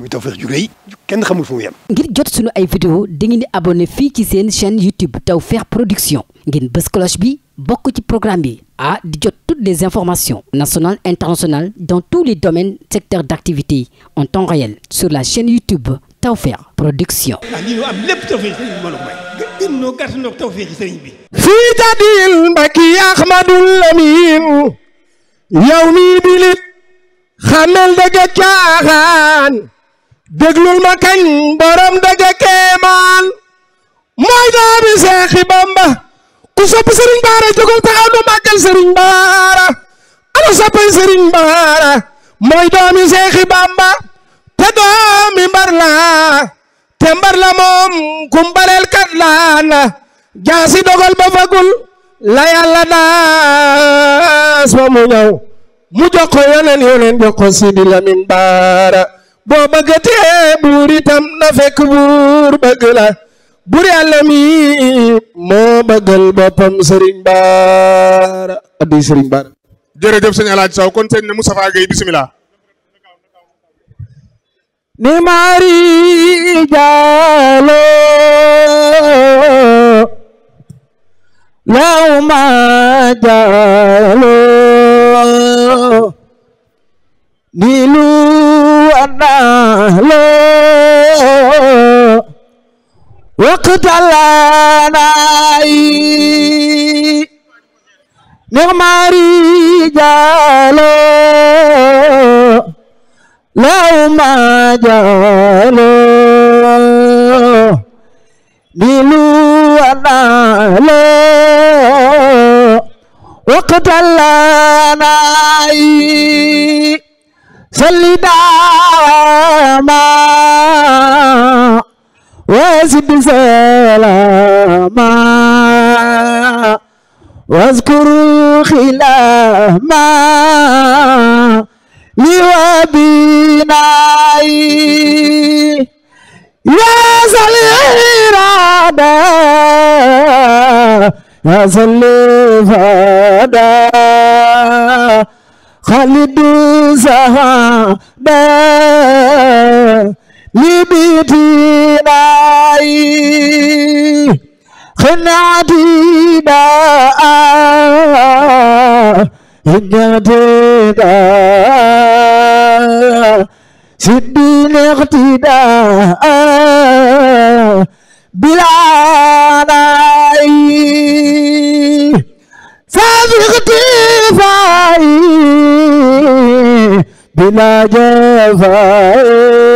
muy Tawfekh ju rëy kenn xamul fu mu yem. ngir jot sunu ay vidéo dangeen di abonné fii ci seen chaîne YouTube Tawfekh Production ngeen bës cloche bi bokk ci programme bi ah di jot toutes les informations nationales internationales dans tous les domaines secteurs d'activité en temps réel sur la chaîne YouTube Tawfekh Production. fii tadil mbakki Ahmadul Amin yow mii bilit xamal dëgg caaxaan. déglul ma kañ borom daja keemaan mooy doomi Seexi Bamba ku sopp Sëriñ Baara jógal taxaw nu màggal Sëriñ Baara ana soppay Sëriñ Baara mooy doomi Seexi Bamba te doomi mbar la te moom kumbaleel kat laa jaasi dogal ba fagul la yàlla daas ba mu ñëw mu jox ko yeneen yeneen jox ko Sidi Baara boo bëggatee buur itam na fekk buur bëgg la buur yàlla mi moo bëggal boppam sëriñ baara addi sëriñ baara jërëjëf sëñ Alaaji Saw kon sëñ ne Moustapha Gueye bisimilah ni mari jaalo law ma jaalo waqtalanaay nixmari jaalo lawma jaalo nilu wanaalo waqtalanaay sallidaa سب سلاما واذكروا خلاما لوابناي يا زليرادا يا زليفادا خالد زهادا لبيتي ناي خنعتي داء هجرتي داء سدي الاقتداء بلا ناي سابقتي فاي بلا جفاي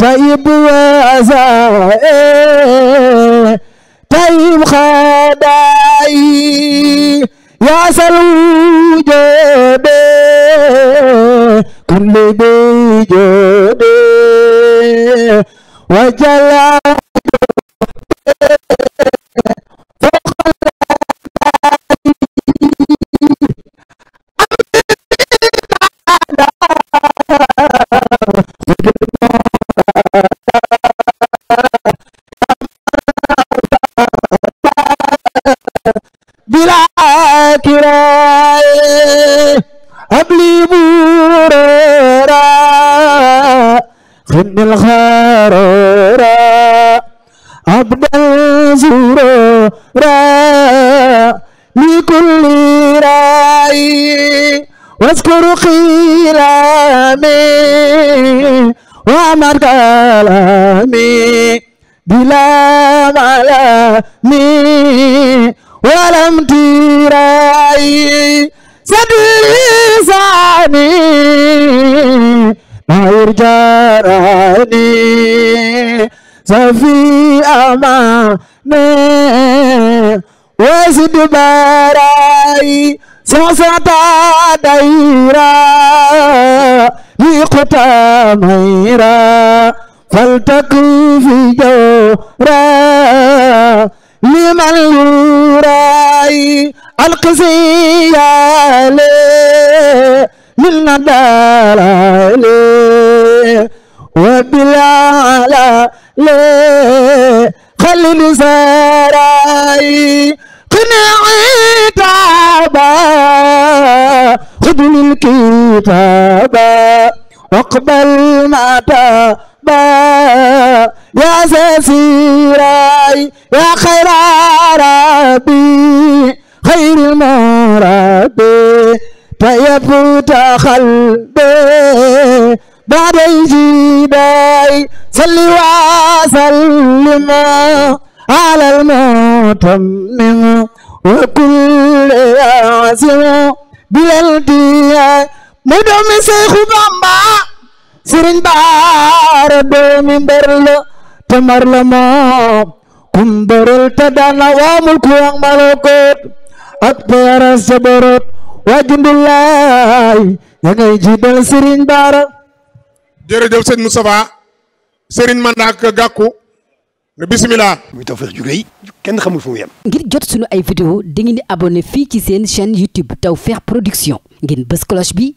طيب وزاوي طيب خداي يا سلوجب كل بيجب وجلال بلا كراي أبلي بورا خن الخارورا عبد الزورا لكل راي واذكر خيرامي وعمر كلامي بلا ملامي ولم تراي صدري سامي نور جراني صفي أماني وزد براي سوسة دايراي الطريق تميرا فلتكن في جورا لمن يراي القزية للندار وبالعلا خلي سراي قناعي تابا خذ الكتابا اقبل متى يا سيراي يا خير ربي خير المربي تيبت قلبي بعد جيداي صل وسلم على المتمم وكل ياسم بالالتياء mu doomi Seexu Bamba Sëriñ Baara doomi mbër la te mar la moom kum bërël te daan na waamul ku ak ak peeras sa waa jundullaay ya ngay jiital Sëriñ Baara jërëjëf sëñ Moustapha sëriñ Mandak Gakou ne bisimilah. muy Tawfekh ju rëy kenn xamul fu mu yem. ngir jot sunu ay vidéo dangeen di abonné fii ci seen chaîne YouTube Tawfekh Production ngeen bës bi